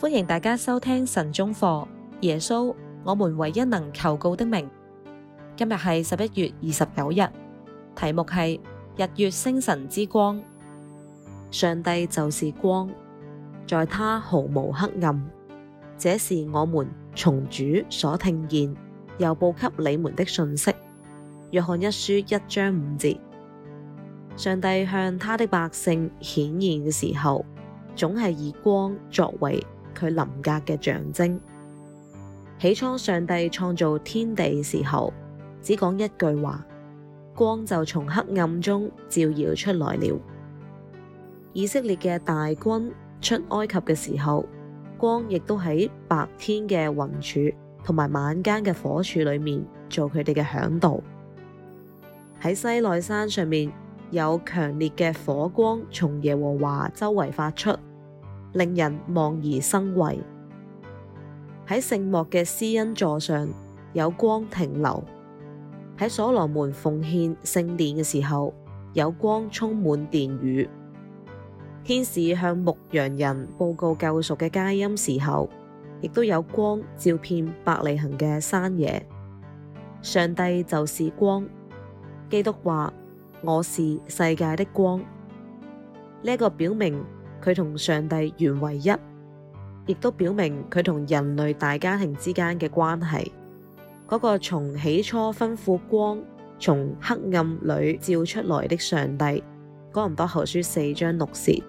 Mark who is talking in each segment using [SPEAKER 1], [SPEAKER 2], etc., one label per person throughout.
[SPEAKER 1] 歡迎大家收聽晨鐘課，耶穌，我們唯一能求告的名。今日係十一月二十九日，題目係日月星辰之光，上帝就是光，在他毫無黑暗。這是我們從主所聽見又報給你們的信息，約翰一書一章五節。上帝向他的百姓顯現嘅時候，總係以光作為。佢臨格嘅象徵。起初上帝創造天地時候，只講一句話，光就從黑暗中照耀出來了。以色列嘅大軍出埃及嘅時候，光亦都喺白天嘅雲柱同埋晚間嘅火柱裏面做佢哋嘅響導。喺西奈山上面，有強烈嘅火光從耶和華周圍發出。令人望而生畏。喺聖幕嘅施恩座上有光停留。喺所羅門奉獻聖殿嘅時候，有光充滿殿宇。天使向牧羊人報告救贖嘅佳音時候，亦都有光照遍伯利恆嘅山野。上帝就是光。基督話：我是世界的光。呢、這個表明，佢同上帝原為一，亦都表明佢同人類大家庭之間嘅關係。嗰、那個從起初吩咐光，從黑暗裏照出來的上帝，哥林多後書四章六節，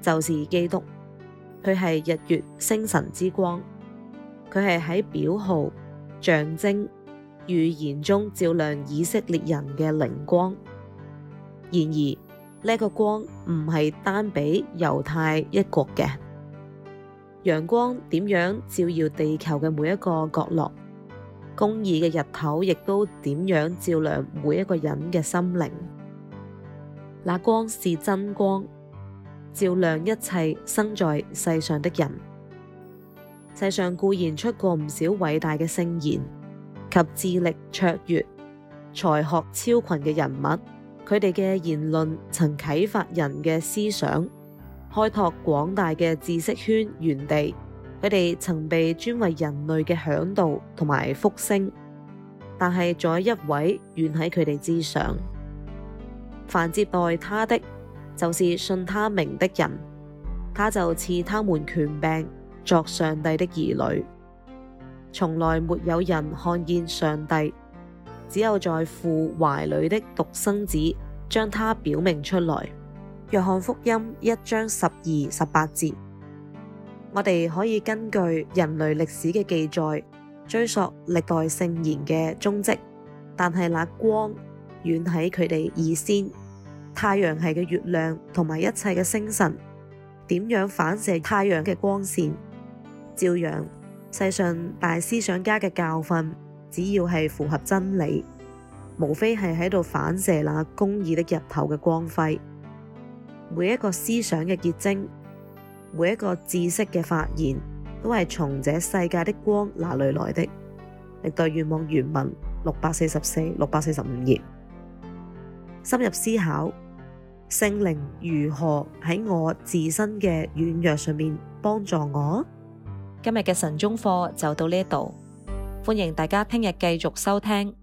[SPEAKER 1] 就是基督。佢係日月星辰之光，佢係喺表號、象徵、預言中照亮以色列人嘅靈光。然而，呢個光唔係單俾猶太一國嘅。陽光點樣照耀地球嘅每一個角落，公義嘅日頭亦都點樣照亮每一個人嘅心靈。那光是真光，照亮一切生在世上的人。世上固然出過唔少偉大嘅聖賢及智力卓越、才學超群嘅人物。佢哋嘅言論曾啟發人嘅思想，開拓廣大嘅知識圈園地。佢哋曾被尊為人類嘅嚮導同埋福星，但係仲有一位遠喺佢哋之上，凡接待他的，就是信他名的人，他就賜他們權柄作上帝的兒女。從來沒有人看見上帝。只有在父懷裏的獨生子，將他表明出來。約翰福音一章十二十八節。我哋可以根據人類歷史嘅記載，追溯歷代聖賢嘅蹤跡。但係那光遠喺佢哋以先，太陽系嘅月亮同埋一切嘅星辰，點樣反射太陽嘅光線？照樣，世上大思想家嘅教訓。只要係符合真理，無非係喺度反射那公義的日頭嘅光輝。每一個思想嘅結晶，每一個知識嘅發現，都係從這世界的光那裏來的。歷代願望原文六百四十四、六百四十五頁。深入思考，聖靈如何喺我自身嘅軟弱上面幫助我？今日嘅神宗課就到呢度。歡迎大家聽日繼續收聽。